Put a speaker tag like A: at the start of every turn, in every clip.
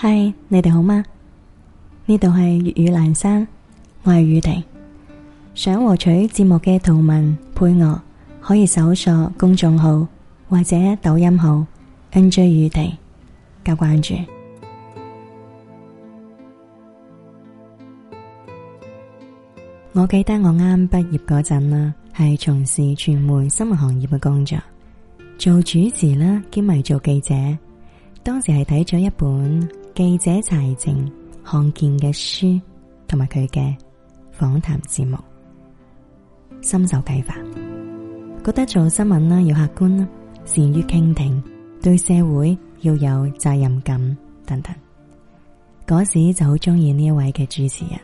A: 嗨，Hi，你哋好嗎？呢度係粵語蘭山，我係雨婷。想獲取節目嘅圖文配樂，可以搜索公眾號或者抖音號 N J 雨婷加關注。 我記得我啱畢業嗰陣啦，係從事傳媒新聞行業嘅工作，做主持啦兼埋做記者。當時係睇咗一本。記者柴靜看見嘅書，同埋佢嘅訪談節目，深受啟發。覺得做新聞啦，要客觀啦，善於傾聽，對社會要有責任感等等。嗰時就好中意呢一位嘅主持人。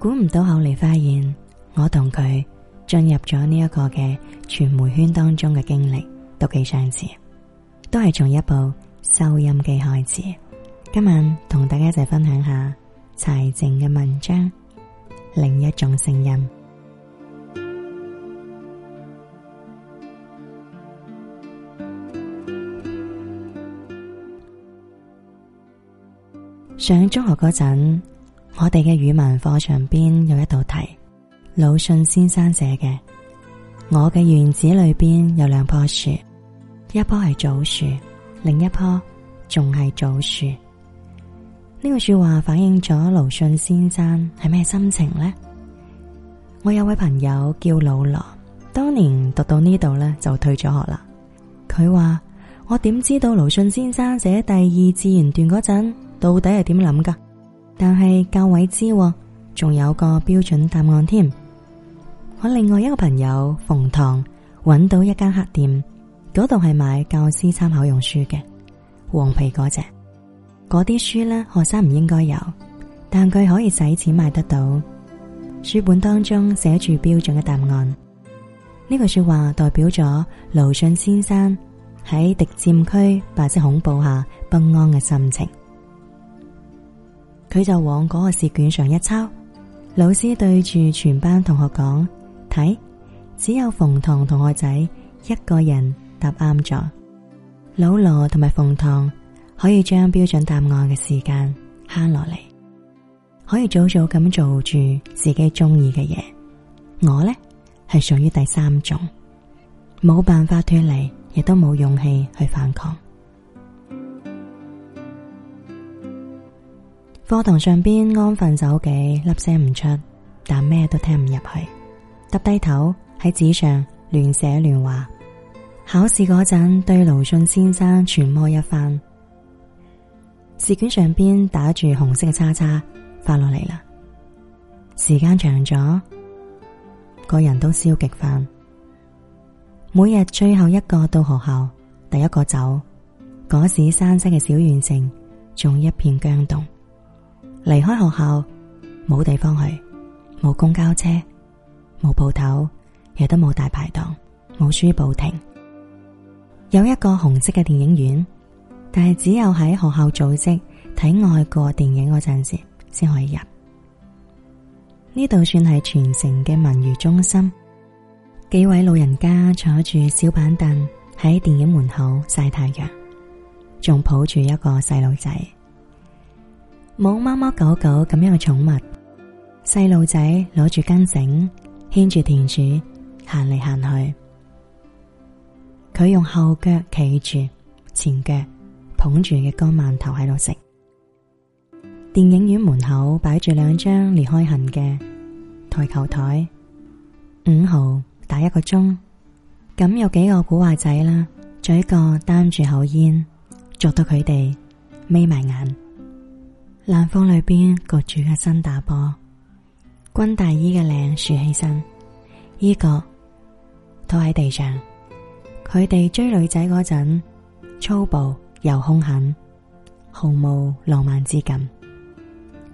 A: 估唔到後嚟發現，我同佢進入咗呢一個嘅傳媒圈當中嘅經歷都幾相似，都係從一部收音機開始。今晚同大家一齊分享下柴靜嘅文章，另一種聲音。上中學嗰陣，我哋嘅語文課上邊有一道題，魯迅先生寫嘅：我嘅院子裏邊有兩棵樹，一棵係棗樹，另一棵仲係棗樹。呢個說話反映咗魯迅先生係咩心情呢？我有位朋友叫老羅，當年讀到呢度咧就退咗學啦。佢話我點知道魯迅先生寫第二自然段嗰陣到底係點諗噶？但係教委知，仲有個標準答案添。我另外一個朋友馮唐揾到一間黑店，嗰度係買教師參考用書嘅黃皮嗰隻。嗰啲書呢，學生唔應該有，但佢可以使錢買得到。書本當中寫住標準嘅答案，呢句說話代表咗魯迅先生喺敵佔區白色恐怖下不安嘅心情。佢就往嗰個試卷上一抄，老師對住全班同學講：睇，只有馮唐同學仔一個人答啱咗。老羅同埋馮唐。可以將標準答案嘅時間慳落嚟，可以早早咁做住自己中意嘅嘢。我呢，係屬於第三種，冇辦法脫離，亦都冇勇氣去反抗。課 堂上邊安分守己，粒聲唔出，但咩都聽唔入去，耷低頭喺紙上亂寫亂畫。考試嗰陣對魯迅先生揣摩一番。試卷上邊打住紅色嘅叉叉，發落嚟啦。時間長咗，個人都消極化。每日最後一個到學校，第一個走。嗰時山西嘅小縣城，仲一片僵凍。離開學校，冇地方去，冇公交車，冇鋪頭，亦都冇大排檔，冇書報亭。有一個紅色嘅電影院。但係只有喺學校組織睇外國電影嗰陣時，先可以入。呢度算係全城嘅文娛中心。幾位老人家坐住小板凳喺電影門口曬太陽，仲抱住一個細路仔，冇貓貓狗狗咁樣嘅寵物。細路仔攞住根繩牽住田鼠行嚟行去，佢用後腳企住前腳。捧住嘅乾饅頭喺度食。電影院門口擺住兩張裂開痕嘅台球台，五號打一個鐘。咁有幾個古惑仔啦，嘴角擔住口煙，捉到佢哋眯埋眼。冷風裏邊焗住一身打波，軍大衣嘅領豎起身，依個拖喺地上。佢哋追女仔嗰陣粗暴。又凶狠，毫無浪漫之感。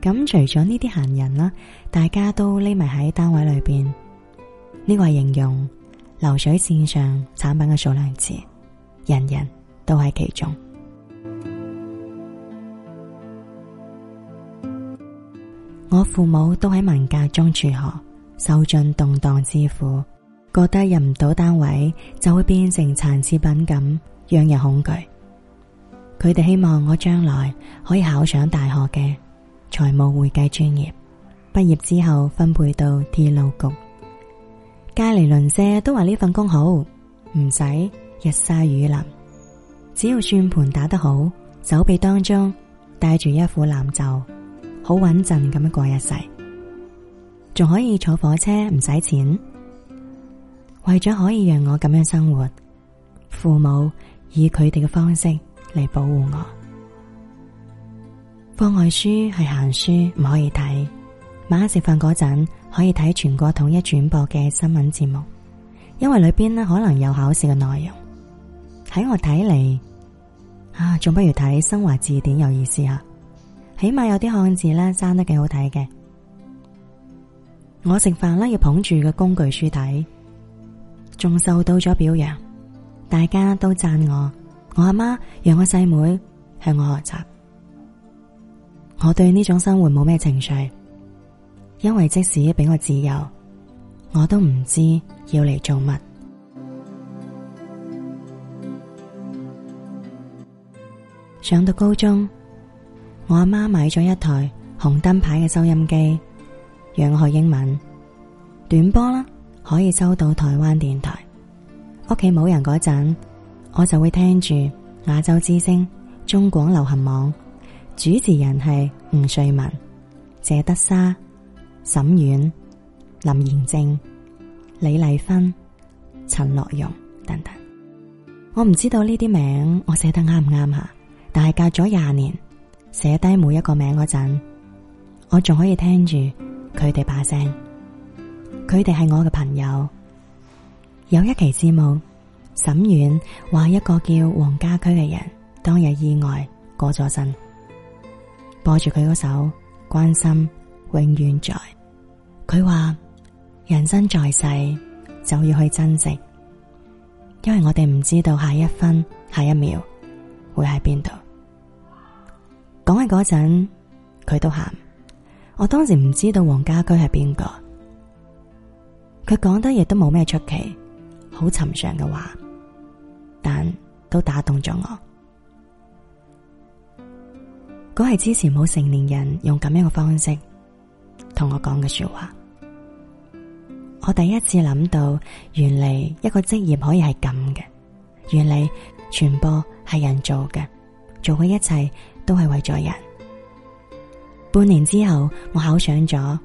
A: 咁除咗呢啲閒人啦，大家都匿埋喺單位裏邊。呢、這個係形容流水線上產品嘅數量詞，人人都喺其中。 我父母都喺文革中輟學，受盡動盪之苦，覺得入唔到單位，就會變成殘次品咁，讓人恐懼。佢哋希望我將來可以考上大學嘅財務會計專業，畢業之後分配到鐵路局。隔籬鄰舍都話呢份工好，唔使日曬雨淋，只要算盤打得好，手臂當中戴住一副藍袖，好穩陣咁樣過一世，仲可以坐火車唔使錢。為咗可以讓我咁樣生活，父母以佢哋嘅方式，嚟保護我。課外書係閒書唔可以睇，晚黑食飯嗰陣，可以睇全國統一轉播嘅新聞節目，因為裏邊咧可能有考試嘅內容。喺我睇嚟啊，仲不如睇新華字典有意思啊，起碼有啲漢字咧生得幾好睇嘅。我食飯啦要捧住個工具書睇，仲受到咗表揚，大家都讚我。我阿媽讓我細妹向我學習，我對呢種生活冇咩情緒，因為即使俾我自由，我都唔知要嚟做乜。上到高中，我阿媽買咗一台紅燈牌嘅收音機，讓我學英文，短波啦可以收到台灣電台。屋企冇人嗰陣。我就會聽住亞洲之聲、中廣流行網，主持人係吳瑞文、謝德莎、沈婉、林賢正、李麗芬、陳樂融等等。我唔知道呢啲名我寫得啱唔啱吓，但係隔咗廿年，寫低每一個名嗰陣，我仲可以聽住佢哋把聲，佢哋係我嘅朋友。有一期節目。沈遠話一個叫黃家駒嘅人當日意外過咗身，播住佢嗰首，關心永遠在。佢話人生在世就要去珍惜，因為我哋唔知道下一分、下一秒會喺邊度。講起嗰陣，佢都喊。我當時唔知道黃家駒係邊個，佢講得亦都冇咩出奇，好尋常嘅話。但都打動咗我，嗰係之前冇成年人用咁樣嘅方式同我講嘅說話。我第一次諗到，原嚟一個職業可以係咁嘅，原嚟全部係人做嘅，做嘅一切都係為咗人。半年之後，我考上咗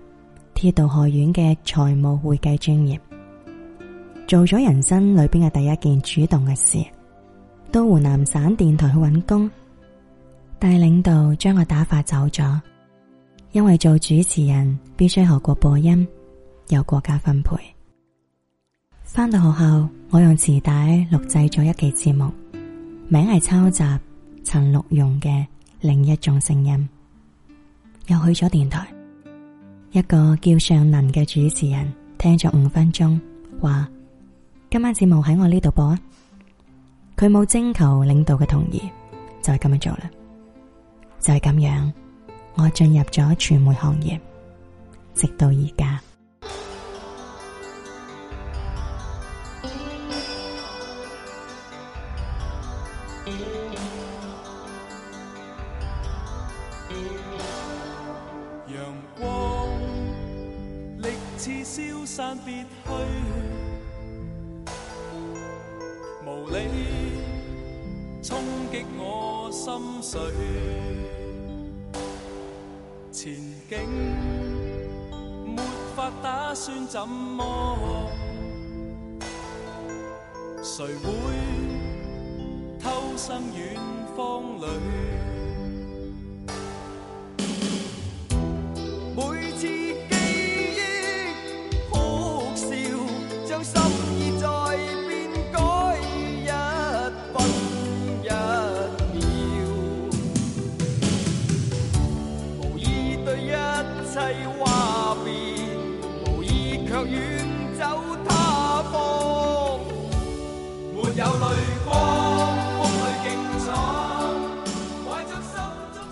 A: 鐵道學院嘅財務會計專業。做咗人生裏邊嘅第一件主動嘅事，到湖南省電台去揾工，但領導將我打發走咗，因為做主持人必須學過播音，由國家分配。翻到學校，我用磁帶錄製咗一期節目，名係抄襲陳陸容嘅另一種聲音，又去咗電台，一個叫尚能嘅主持人聽咗五分鐘，話。今晚節目喺我呢度播啊。佢冇徵求領導嘅同意，就係咁樣做啦，就係咁樣，我進入咗傳媒行業，直到而家。
B: 陽光，衝擊我心碎，前景沒法打算怎麼？誰會偷生遠方裏？